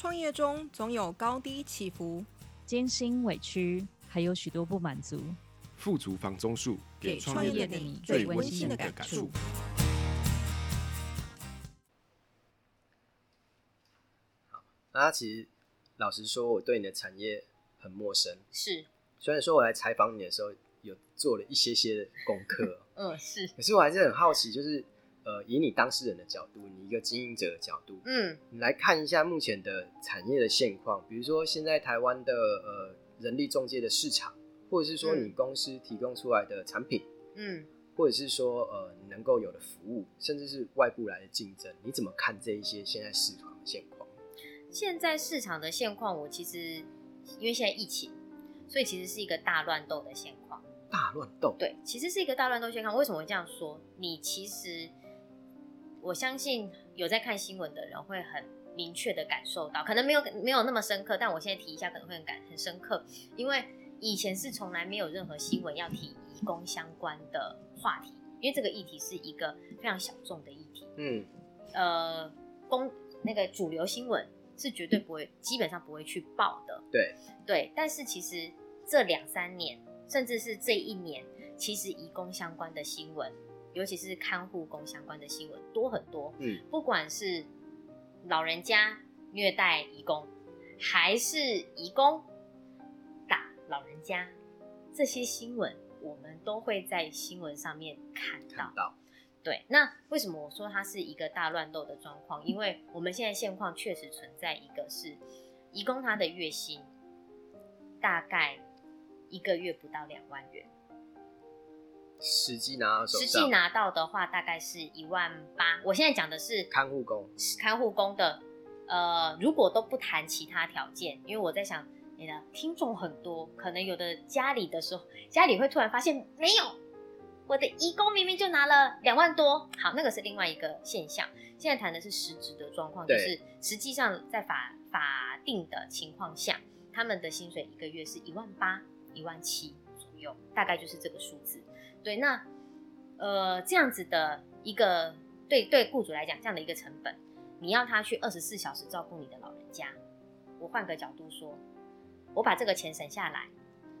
創業中總有高低起伏、艱辛委屈，還有許多不滿足。富足房中術給創業，業的你最溫馨的感受。好，那其實老實說，我對你的產業很陌生。是，雖然說我來採訪你的時候有做了一些些的功課，嗯、 哦，是，可是我還是很好奇，就是。呃，以你當事人的角度，你一個經營者的角度，嗯，你來看一下目前的產業的現況，比如說現在台灣的呃人力中介的市場，或者是說你公司提供出來的產品，嗯，或者是說呃你能夠有的服務，甚至是外部來的競爭，你怎麼看這一些現在市場的現況？現在市場的現況，我其實因為現在疫情，所以其實是一個大亂鬥的現況。大亂鬥，對，其實是一個大亂鬥現況。為什麼會這樣說？你其實。我相信有在看新聞的人會很明確的感受到，可能沒有沒有那麼深刻，但我現在提一下可能會很感很深刻，因為以前是從來沒有任何新聞要提移工相關的話題，因為這個議題是一個非常小眾的議題。嗯，呃，公那個主流新聞是絕對不會，基本上不會去報的。對，對，但是其實這兩三年，甚至是這一年，其實移工相關的新聞尤其是看護工相關的新聞多很多，嗯，不管是老人家虐待移工，還是移工打老人家，這些新聞我們都會在新聞上面看到,看到。對，那為什麼我說它是一個大亂鬥的狀況、嗯？因為我們現在現況確實存在一個，是移工他的月薪大概一個月不到兩萬元。實際拿到手，實際拿到的話大概是一萬八。我現在講的是看護工，看護工的，呃，如果都不談其他條件，因為我在想，你、欸、的聽眾很多，可能有的家裡的時候，家裡會突然發現沒有，我的義工明明就拿了兩萬多。好，那個是另外一個現象。現在談的是實質的狀況，就是實際上在法法定的情況下，他們的薪水一個月是一萬八、一萬七。大概就是這個數字，對，那呃這樣子的一個對對，雇主來講這樣的一個成本，你要他去二十四小時照顧你的老人家，我換個角度說，我把這個錢省下來，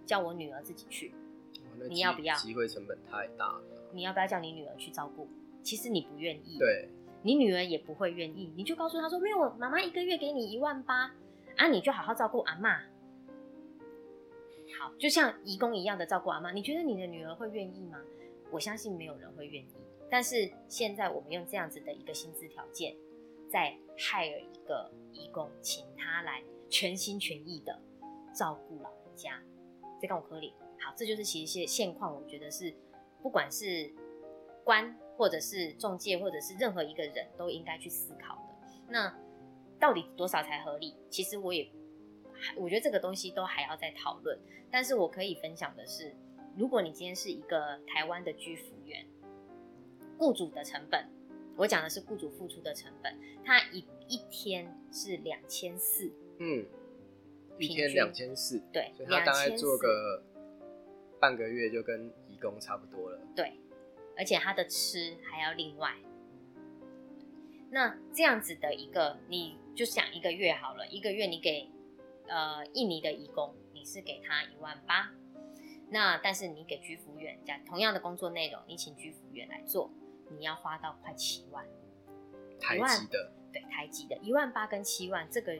叫我女兒自己去，哦、你要不要？機會成本太大了，你要不要叫你女兒去照顧？其實你不願意，對，你女兒也不會願意，你就告訴他說，沒有，媽媽一個月給你一萬八啊，你就好好照顧阿嬤。好，就像移工一樣的照顧阿媽，你覺得你的女兒會願意嗎？我相信沒有人會願意。但是現在我們用這樣子的一個薪資條件，再 hire 一個移工，請他來全心全意的照顧老人家，這夠合理？好，這就是其實現現況，我覺得是不管是官或者是仲介或者是任何一個人都應該去思考的。那到底多少才合理？其實我也。我覺得這個東西都還要再討論，但是我可以分享的是，如果你今天是一個台灣的居服員，僱主的成本，我講的是僱主付出的成本，他一一天是兩千四，嗯，一天兩千四，對，2400，所以他大概做個半個月就跟移工差不多了，對，而且他的吃還要另外，那這樣子的一個，你就想一個月好了，一個月你給，呃，印尼的移工，你是給他一萬八，那但是你給居服員講同樣的工作內容，你請居服員來做，你要花到快七萬，台籍的，對，台籍的，一萬八跟七萬這個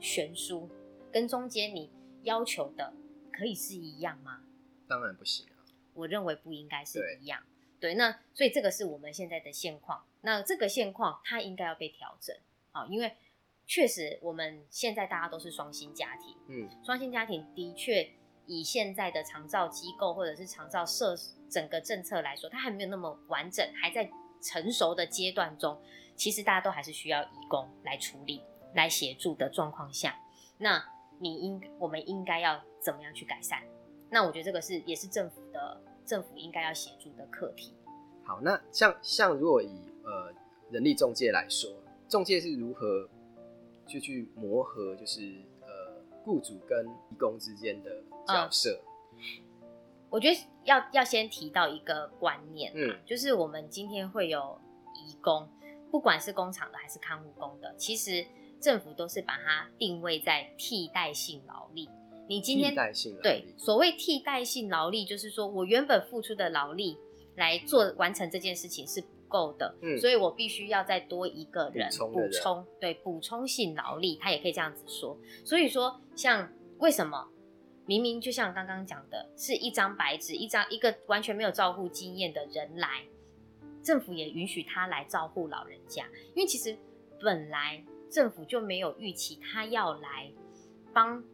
懸殊，跟中間你要求的可以是一樣嗎？當然不行啊，我認為不應該是一樣，對，對，那所以這個是我們現在的現況，那這個現況它應該要被調整，好、啊，因為。確實，我們現在大家都是雙薪家庭。嗯，雙薪家庭的確以現在的長照機構或者是長照設整個政策來說，它還沒有那麼完整，還在成熟的階段中。其實大家都還是需要移工來處理、來協助的狀況下，那你應我們應該要怎麼樣去改善？那我覺得這個是也是政府的政府應該要協助的課題。好，那像像如果以呃人力仲介來說，仲介是如何？就去磨合，就是呃，雇主跟移工之間的角色、嗯。我覺得要要先提到一個觀念，嗯，就是我們今天會有移工，不管是工廠的還是看護工的，其實政府都是把它定位在替代性勞力。你今天對所謂替代性勞力，力就是說我原本付出的勞力來做完成這件事情是。夠的、嗯，所以我必須要再多一個人補充，充，對補充性勞力、嗯，他也可以這樣子說。所以說，像為什麼明明就像剛剛講的，是一張白紙，一張一個完全沒有照顧經驗的人來，政府也允許他來照顧老人家，因為其實本來政府就沒有預期他要來幫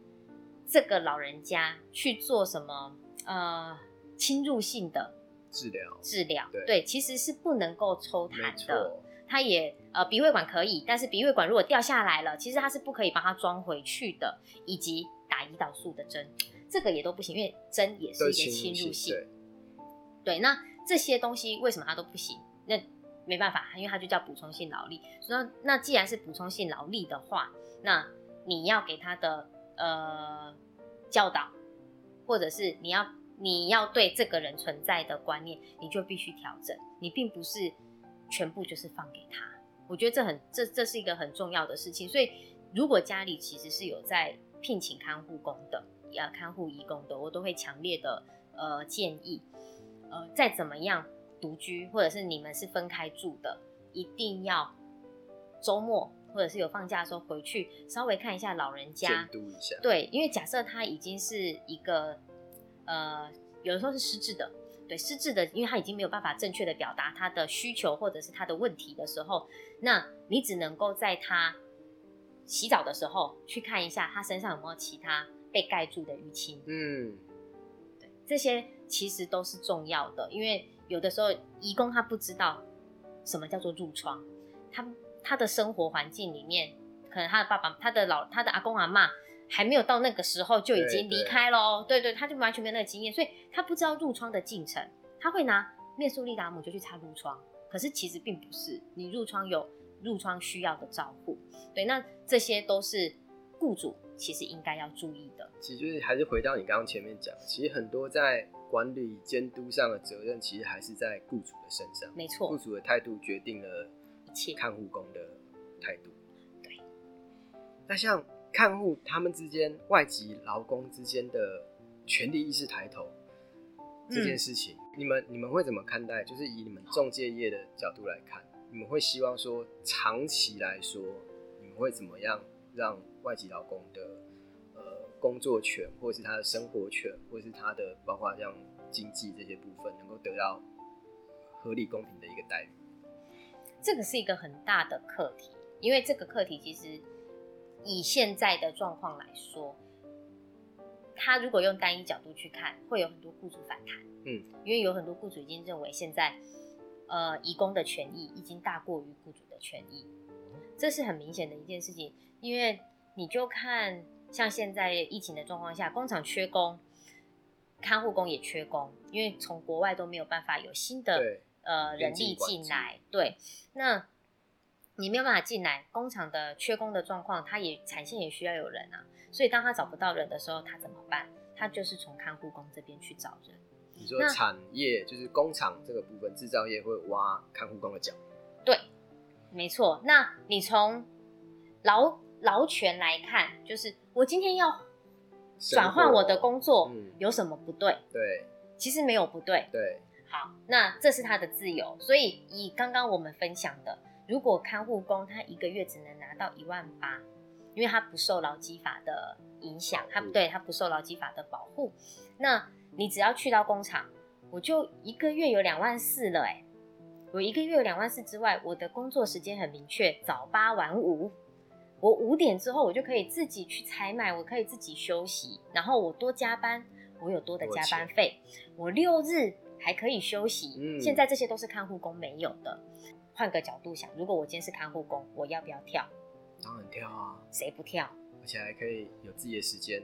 這個老人家去做什麼呃侵入性的。治療治療對，對，其實是不能夠抽痰的，它也呃鼻胃管可以，但是鼻胃管如果掉下來了，其實它是不可以把它裝回去的，以及打胰島素的針，這個也都不行，因為針也是一個侵入性。對，對對，那這些東西為什麼它都不行？那沒辦法，因為它就叫補充性勞力。那那既然是補充性勞力的話，那你要給他的呃教導，或者是你要。你要對這個人存在的觀念，你就必須調整。你並不是全部就是放給他。我覺得這很這這是一個很重要的事情。所以，如果家裡其實是有在聘請看護工的，要看護移工的，我都會強烈的呃建議，呃，再怎麼樣獨居，或者是你們是分開住的，一定要周末或者是有放假的時候回去稍微看一下老人家，監督一下。對，因為假設他已經是一個。呃，有的時候是失智的，對，失智的，因為他已經沒有辦法正確的表達他的需求或者是他的問題的時候，那你只能夠在他洗澡的時候去看一下他身上有沒有其他被蓋住的淤青，嗯對，這些其實都是重要的，因為有的時候移工他不知道什麼叫做褥瘡，他他的生活環境裡面，可能他的爸爸、他的老、他的阿公阿媽。還沒有到那個時候就已經離開了，對對，對，對，對對，他就完全沒有那個經驗，所以他不知道褥瘡的進程，他會拿面速力達姆就去擦褥瘡，可是其實並不是，你褥瘡有褥瘡需要的照顧，對，那這些都是雇主其實應該要注意的。其實就是還是回到你剛剛前面講，其實很多在管理監督上的責任，其實還是在雇主的身上，沒錯，雇主的態度決定了一切，看護工的態度，對，那像。看護他們之間外籍勞工之間的權利意識抬頭、嗯、這件事情，你們你們會怎麼看待？就是以你們中介業的角度來看，你們會希望說長期來說，你們會怎麼樣讓外籍勞工的、呃、工作權，或是他的生活權，或是他的包括像經濟這些部分，能夠得到合理公平的一個待遇？這個是一個很大的課題，因為這個課題其實。以現在的狀況來說，他如果用單一角度去看，會有很多雇主反彈。嗯，因為有很多雇主已經認為現在，呃，移工的權益已經大過於雇主的權益，嗯、這是很明顯的一件事情。因為你就看像現在疫情的狀況下，工廠缺工，看護工也缺工，因為從國外都沒有辦法有新的呃人力進來。對，那。你沒有辦法進來，工廠的缺工的狀況，他也產線也需要有人啊，所以當他找不到人的時候，他怎麼辦？他就是從看護工這邊去找人。你說產業就是工廠這個部分，製造業會挖看護工的角？對，沒錯。那你從勞勞權來看，就是我今天要轉換我的工作，嗯，有什麼不對？對，其實沒有不對。對，好，那這是他的自由。所以以剛剛我們分享的。如果看護工他一個月只能拿到一萬八，因為他不受勞基法的影響，他不、嗯、對，他不受勞基法的保護。那你只要去到工廠，我就一個月有兩萬四了、欸、我一個月有兩萬四之外，我的工作時間很明確，早八晚五。我五點之後我就可以自己去採買，我可以自己休息，然後我多加班，我有多的加班費。我六日還可以休息、嗯。現在這些都是看護工沒有的。換個角度想，如果我今天是看護工，我要不要跳？當然跳啊，誰不跳？而且還可以有自己的時間，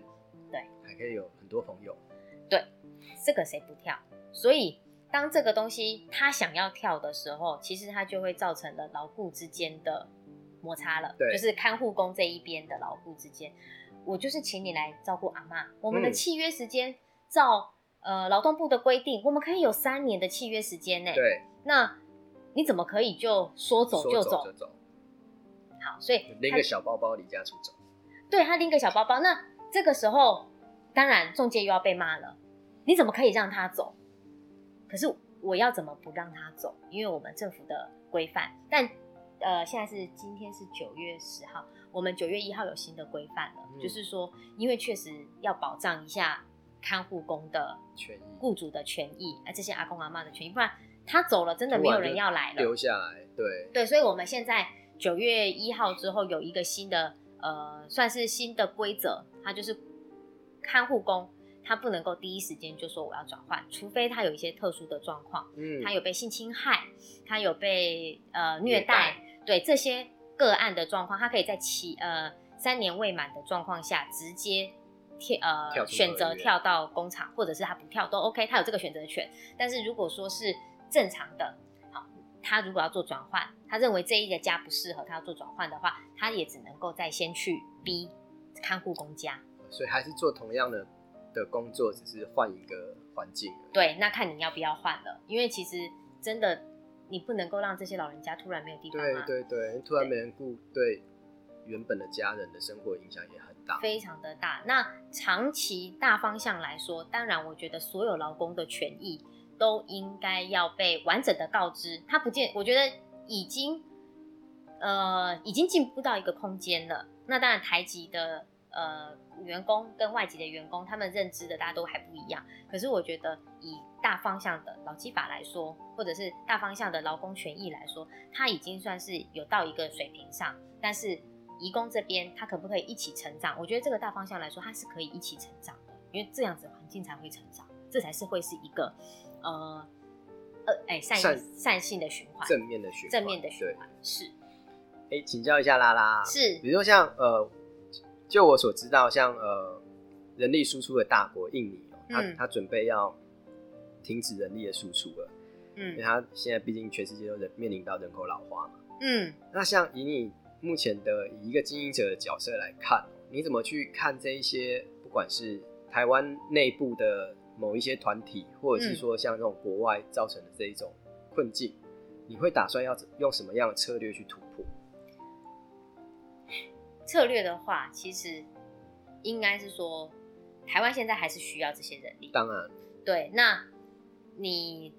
對，還可以有很多朋友，對，這個誰不跳？所以當這個東西他想要跳的時候，其實他就會造成了勞雇之間的摩擦了，對，就是看護工這一邊的勞雇之間，我就是請你來照顧阿嬤，我們的契約時間、嗯、照呃勞動部的規定，我們可以有三年的契約時間呢、欸，對，那。你怎麼可以就說走就走？走就走好，所以拎個小包包離家出走。對，他拎個小包包，那這個時候當然中介又要被罵了。你怎麼可以讓他走？可是我要怎麼不讓他走？因為我們政府的規範，但呃現在是今天是九月十號，我們九月一號有新的規範了、嗯，就是說因為確實要保障一下看護工的、的權益、雇主的權益，啊，這些阿公阿嬤的權益，不然。他走了，真的沒有人要來了。留下來，對對，所以我們現在九月一號之後有一個新的呃，算是新的規則，他就是看護工，他不能夠第一時間就說我要轉換，除非他有一些特殊的狀況，嗯，他有被性侵害，他有被呃虐待,虐待，對這些個案的狀況，他可以在其呃三年未滿的狀況下直接呃跳呃選擇跳到工廠，或者是他不跳都 OK，他有這個選擇權。但是如果說是正常的，好，他如果要做轉換，他認為這一個家不適合他要做轉換的話，他也只能夠再先去 B 看護工家，所以還是做同樣的的工作，只是換一個環境。對，那看你要不要換了，因為其實真的你不能夠讓這些老人家突然沒有地方，對對對，突然沒人顧，對原本的家人的生活影響也很大，非常的大。那長期大方向來說，當然我覺得所有勞工的權益。都應該要被完整的告知，他不見，我覺得已經，呃，已經進步到一個空間了。那當然台籍，台籍的呃員工跟外籍的員工，他們認知的大家都還不一樣。可是我覺得，以大方向的勞基法來說，或者是大方向的勞工權益來說，他已經算是有到一個水平上。但是，移工這邊他可不可以一起成長？我覺得這個大方向來說，他是可以一起成長的，因為這樣子環境才會成長，這才是會是一個。呃，呃，哎，善善性的循環，正面的循環，正面的循環。是，哎、欸，請教一下拉拉，是，比如說像呃，就我所知道，像呃，人力輸出的大國印尼，他他、嗯、準備要停止人力的輸出了，嗯，因為他現在畢竟全世界都人面臨到人口老化嘛，嗯，那像以你目前的以一個經營者的角色來看，你怎麼去看這一些不管是台灣內部的？某一些團體，或者是說像這種國外造成的這一種困境，嗯，你會打算要用什麼樣的策略去突破？策略的話，其實應該是說，台灣現在還是需要這些人力。當然，對。那你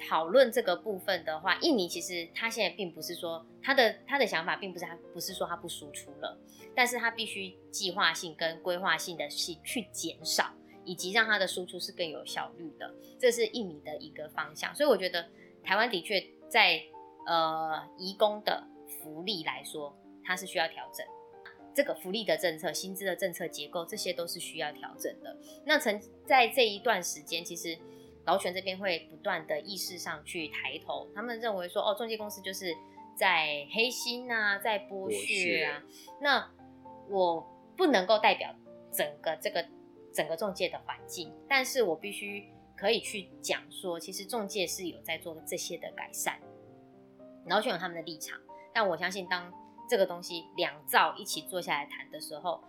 討論這個部分的話，印尼其實他現在並不是說他的，他的想法並不是，他不是說他不輸出了，但是他必須計劃性跟規劃性的去去減少。以及讓它的輸出是更有效率的，這是印尼的一個方向。所以我覺得台灣的確在呃，移工的福利來說，它是需要調整，這個福利的政策、薪資的政策結構，這些都是需要調整的。那曾在這一段時間，其實勞權這邊會不斷的意識上去抬頭，他們認為說，哦，中介公司就是在黑心啊，在剝削啊。那我不能夠代表整個這個。整個仲介的環境，但是我必須可以去講說，其實仲介是有在做這些的改善。勞權有他們的立場，但我相信，當這個東西兩造一起坐下來談的時候，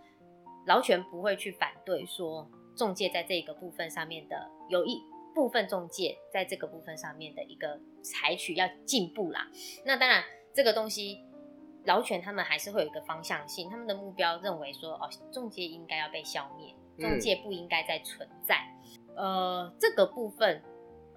勞權不會去反對說，仲介在這個部分上面的有一部分仲介在這個部分上面的一個採取要進步啦。那當然，這個東西勞權他們還是會有一個方向性，他們的目標認為說，哦，仲介應該要被消滅。中介不應該再存在、嗯，呃，這個部分，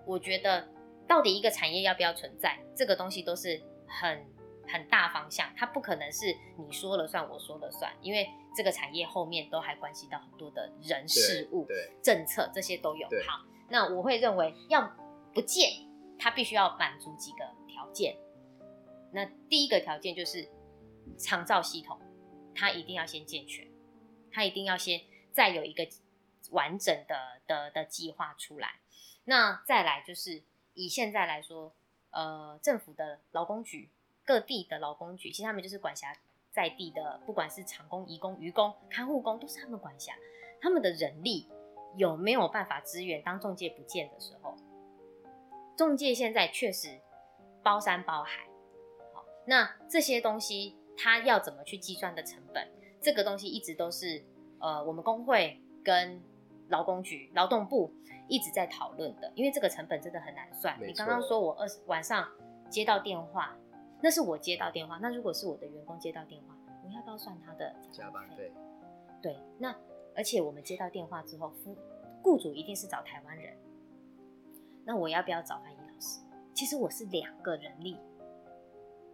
我覺得到底一個產業要不要存在，這個東西都是很很大方向，它不可能是你說了算，我說了算，因為這個產業後面都還關係到很多的人事物、政策，這些都有。好，那我會認為要不見，它必須要滿足幾個條件。那第一個條件就是，長照系統，它一定要先健全，它一定要先。再有一個完整的的的計劃出來，那再來就是以現在來說，呃，政府的勞工局各地的勞工局，其實他們就是管轄在地的，不管是廠工、移工、漁工、看護工，都是他們管轄。他們的人力有沒有辦法支援？當仲介不見的時候，仲介現在確實包山包海，好，那這些東西他要怎麼去計算的成本？這個東西一直都是。呃，我們工會跟勞工局、勞動部一直在討論的，因為這個成本真的很難算。你剛剛說我二十晚上接到電話，那是我接到電話，那如果是我的員工接到電話，我要不要算他的加班費？班費對，那而且我們接到電話之後，雇雇主一定是找台灣人，那我要不要找翻譯老師？其實我是兩個人力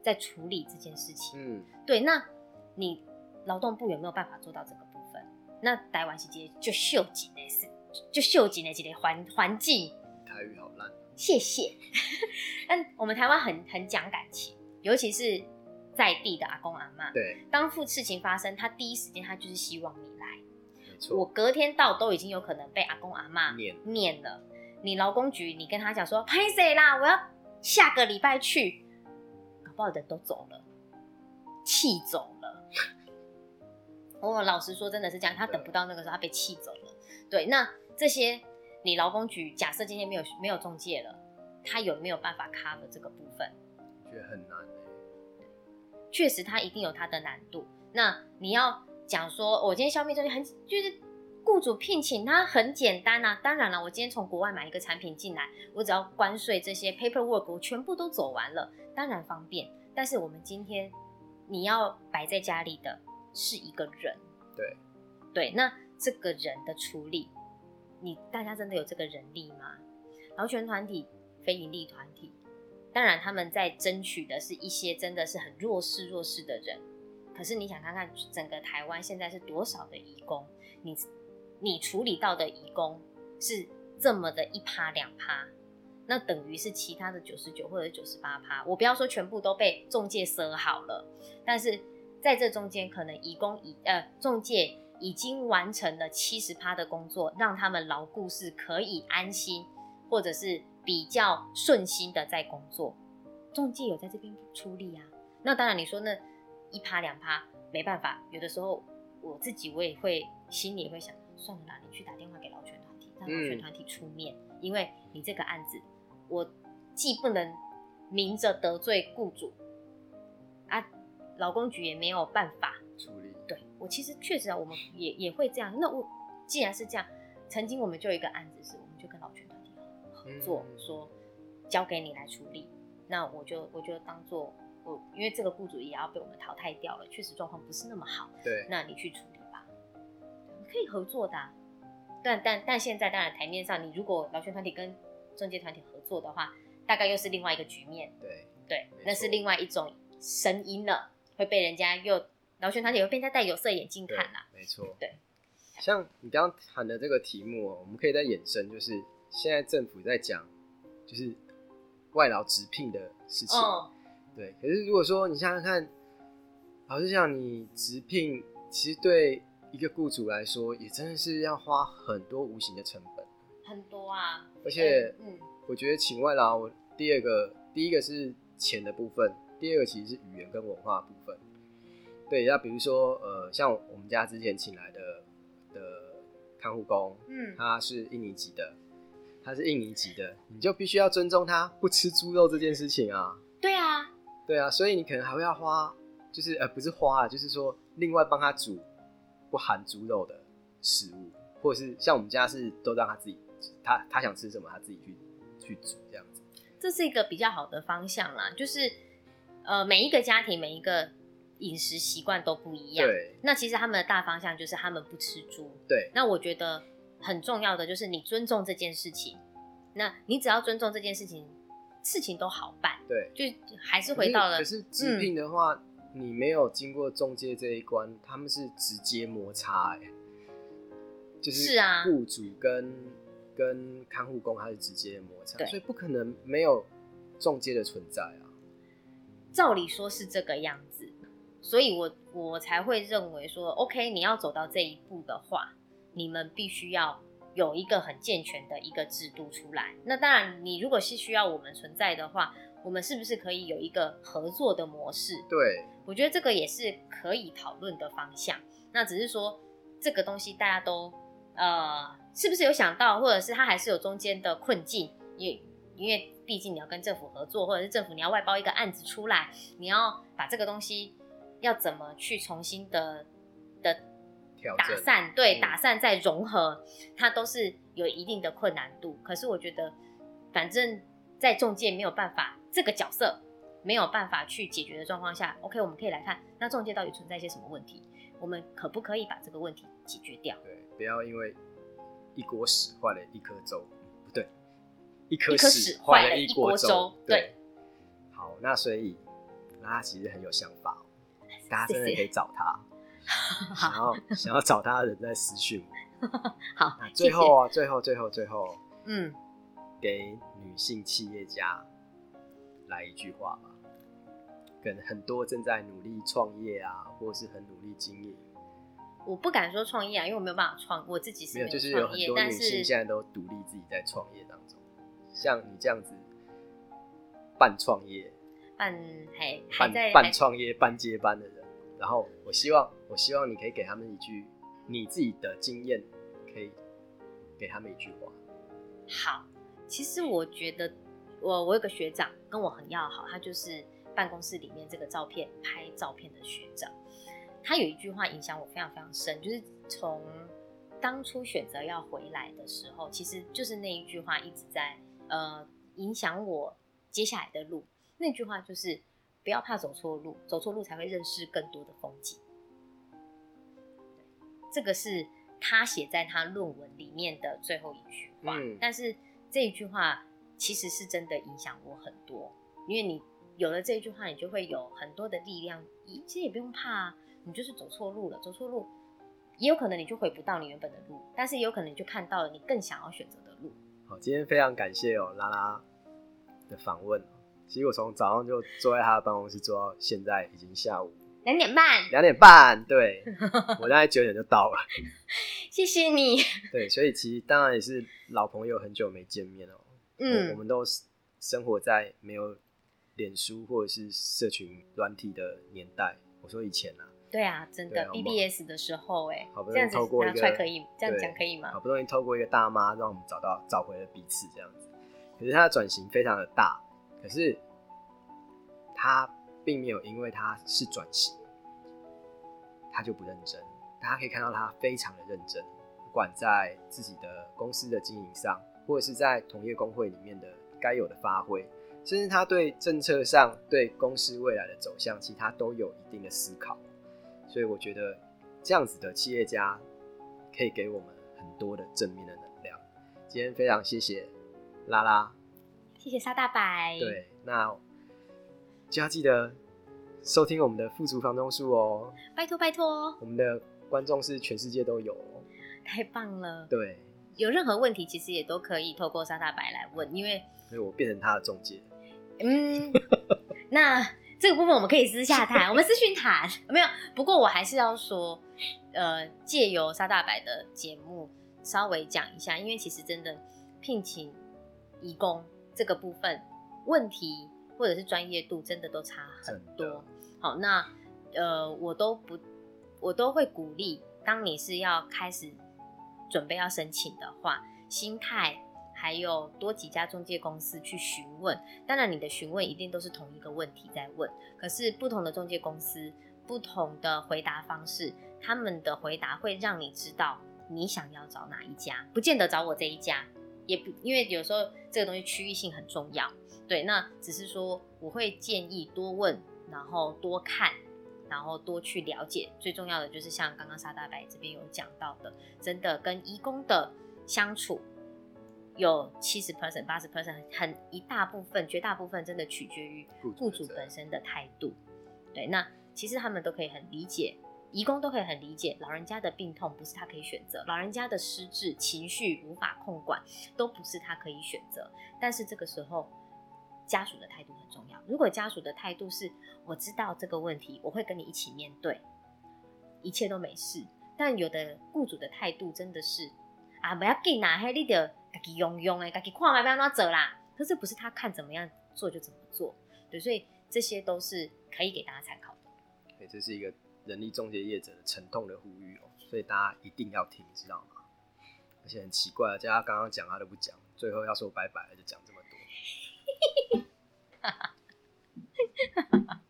在處理這件事情。嗯，對，那你勞動部有沒有辦法做到這個？那台灣是直接就秀景，那是，就秀景那些個環環境。台語好爛。謝謝。 但我們台灣很很講感情，尤其是在地的阿公阿媽。對。當負事情發生，他第一時間他就是希望你來。沒錯。我隔天到都已經有可能被阿公阿媽念了。念。你勞工局，你跟他講說，歹勢啦，我要下個禮拜去。搞不好人都走了，氣走了。 我、哦、老實說，真的是這樣。他等不到那個時候，他被氣走了。對，對，那這些你勞工局假設今天沒有沒有中介了，他有沒有辦法 cover 這個部分？覺得很難。確實他他難，確實他一定有他的難度。那你要講說、哦，我今天消滅中介很就是雇主聘請他很簡單啊。當然了，我今天從國外買一個產品進來，我只要關稅這些 paperwork 我全部都走完了，當然方便。但是我們今天你要擺在家裡的。是一個人。對，對，那這個人的處理，你大家真的有這個人力嗎？勞權團體、非營利團體，當然他們在爭取的是一些真的是很弱勢弱勢的人。可是你想看看整個台灣現在是多少的移工？你你處理到的移工是這麼的一趴兩趴，那等於是其他的九十九或者九十八趴，我不要說全部都被中介收好了，但是。在這中間，可能移工以、移，呃，仲介已經完成了七十趴的工作，讓他們勞雇是可以安心，或者是比較順心的在工作。仲介有在這邊出力啊。那當然，你說那一趴兩趴沒辦法。有的時候我自己我也會心裡也會想，算了啦，你去打電話給勞權團體，讓勞權團體出面。嗯，因為你這個案子，我既不能明着得罪雇主啊。勞工局也沒有辦法處理。對，我其實確實啊，我們也也會這樣。那我既然是這樣，曾經我們就有一個案子，是我們就跟勞權團體合作、嗯，說交給你來處理。那我就我就當做我，因為這個雇主也要被我們淘汰掉了，確實狀況不是那麼好。對，那你去處理吧，可以合作的、啊。但但但現在當然台面上，你如果勞權團體跟中介團體合作的話，大概又是另外一個局面。對對，那是另外一種聲音了。會被人家又，然後宣傳也會被人家戴有色眼鏡看了，沒錯，對。像你剛剛談的這個題目哦、喔，我們可以再衍生，就是現在政府在講，就是外勞直聘的事情、哦，對。可是如果說你想想看，老實講，你直聘其實對一個雇主來說，也真的是要花很多無形的成本，很多啊。而且，嗯，我覺得請外勞，第二個，第一個是錢的部分。第二個其實是語言跟文化的部分，對，要比如說呃，像我們家之前請來的的看護工，嗯，他是印尼籍的，他是印尼籍的，你就必須要尊重他不吃豬肉這件事情啊。對啊，對啊，所以你可能還會要花，就是呃，不是花啊，就是說另外幫他煮不含豬肉的食物，或者是像我們家是都讓他自己，他他想吃什麼他自己去去煮這樣子。這是一個比較好的方向啦，就是。呃，每一個家庭，每一個飲食習慣都不一樣。對。那其實他們的大方向就是他們不吃豬。對。那我覺得很重要的就是你尊重這件事情。那你只要尊重這件事情，事情都好辦。對。就還是回到了。可是治病的話、嗯，你沒有經過中介這一關，他們是直接摩擦、欸。哎。就是，是啊。雇主跟跟看護工他是直接摩擦。對，所以不可能沒有中介的存在啊。照理說是這個樣子，所以我我才會認為說，OK，你要走到這一步的話，你們必須要有一個很健全的一個制度出來。那當然，你如果是需要我們存在的話，我們是不是可以有一個合作的模式？對，我覺得這個也是可以討論的方向。那只是說，這個東西大家都呃，是不是有想到，或者是他還是有中間的困境？也。因為畢竟你要跟政府合作，或者是政府你要外包一個案子出來，你要把這個東西要怎麼去重新的的打散，對，打散再融合，它都是有一定的困難度。可是我覺得，反正在中介沒有辦法這個角色沒有辦法去解決的狀況下，OK，我們可以來看那中介到底存在一些什麼問題，我們可不可以把這個問題解決掉？對，不要因為一鍋屎壞了一顆粥。一顆屎壞了一鍋粥。對，好，那所以，那他其實很有想法哦，大家真的可以找他，謝謝想要想要找他的人在私訊我。好，那最後啊，謝謝最後，最後，最後，嗯，給女性企業家來一句話吧。可能很多正在努力創業啊，或是很努力經營。我不敢說創業啊，因為我沒有辦法創。我自己是沒有，沒有，就是有很多女性現在都獨立自己在創業當中。像你這樣子，半創業，半嘿，還在半半創業半接班的人，然後我希望，我希望你可以給他們一句你自己的經驗，可以給他們一句話。好，其實我覺得，我我有個學長跟我很要好，他就是辦公室裡面這個照片拍照片的學長，他有一句話影響我非常非常深，就是從當初選擇要回來的時候，其實就是那一句話一直在。呃，影響我接下來的路。那句話就是，不要怕走錯路，走錯路才會認識更多的風景。這個是他寫在他論文裡面的最後一句話，嗯。但是這一句話其實是真的影響我很多，因為你有了這一句話，你就會有很多的力量。其實也不用怕，你就是走錯路了，走錯路也有可能你就回不到你原本的路，但是也有可能你就看到了你更想要選擇的路。好，今天非常感謝哦，拉拉的訪問。其實我從早上就坐在他的辦公室，坐到現在已經下午兩點半，兩點半，對， 我大概九點就到了。 謝謝你。對，所以其實當然也是老朋友，很久沒見面哦。嗯，我們都生活在沒有臉書或者是社群軟體的年代。我說以前啊。對啊，真的 BBS 的時候哎、欸，好不容易透過一個才可以這樣講可以嗎？好不容易透過一個大媽，讓我們找到找回了彼此這樣子。可是他的轉型非常的大，可是他並沒有因為他是轉型，他就不認真。大家可以看到他非常的認真，不管在自己的公司的經營上，或者是在同業公會裡面的該有的發揮，甚至他對政策上對公司未來的走向，其實他都有一定的思考。所以我覺得，這樣子的企業家，可以給我們很多的正面的能量。今天非常謝謝拉拉，謝謝沙大白。對，那就要記得收聽我們的《富足房中術》哦。拜託拜託，我們的觀眾是全世界都有哦，太棒了。對，有任何問題其實也都可以透過沙大白來問，因為所以我變成他的中介。嗯，那。這個部分我們可以私下談， 我們私訊談， 沒有。不過我還是要說，呃，借由沙大白的節目稍微講一下，因為其實真的聘請移工這個部分，問題或者是專業度真的都差很多。好，那呃，我都不，我都會鼓勵，當你是要開始準備要申請的話，心態。還有多幾家中介公司去詢問，當然你的詢問一定都是同一個問題在問，可是不同的中介公司不同的回答方式，他們的回答會讓你知道你想要找哪一家，不見得找我這一家，也不因為有時候這個東西區域性很重要，對，那只是說我會建議多問，然後多看，然後多去了解，最重要的就是像剛剛沙大白這邊有講到的，真的跟移工的相處。有七十 percent、八十 percent 很，很一大部分、絕大部分真的取決於雇主本身的態度。對，那其實他們都可以很理解，移工都可以很理解，老人家的病痛不是他可以選擇，老人家的失智、情緒無法控管都不是他可以選擇。但是這個時候，家屬的態度很重要。如果家屬的態度是“我知道這個問題，我會跟你一起面對，一切都沒事”，但有的雇主的態度真的是。啊，啊，不要緊吶，嘿，你就自己用用哎，自己看，看要不要哪做啦。可是不是他看怎麼樣做就怎麼做，對，所以這些都是可以給大家參考的。對、欸，這是一個人力仲介業者的沉痛的呼籲哦、喔，所以大家一定要聽，知道嗎？而且很奇怪啊，大家剛剛講他都不講，最後要說我拜拜了就講這麼多。哈哈哈，哈哈哈哈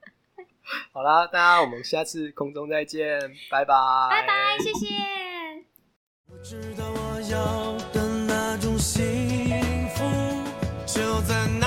好啦，那我們下次空中再見，拜拜，拜拜，謝謝。知道我要的那種幸福，就在那。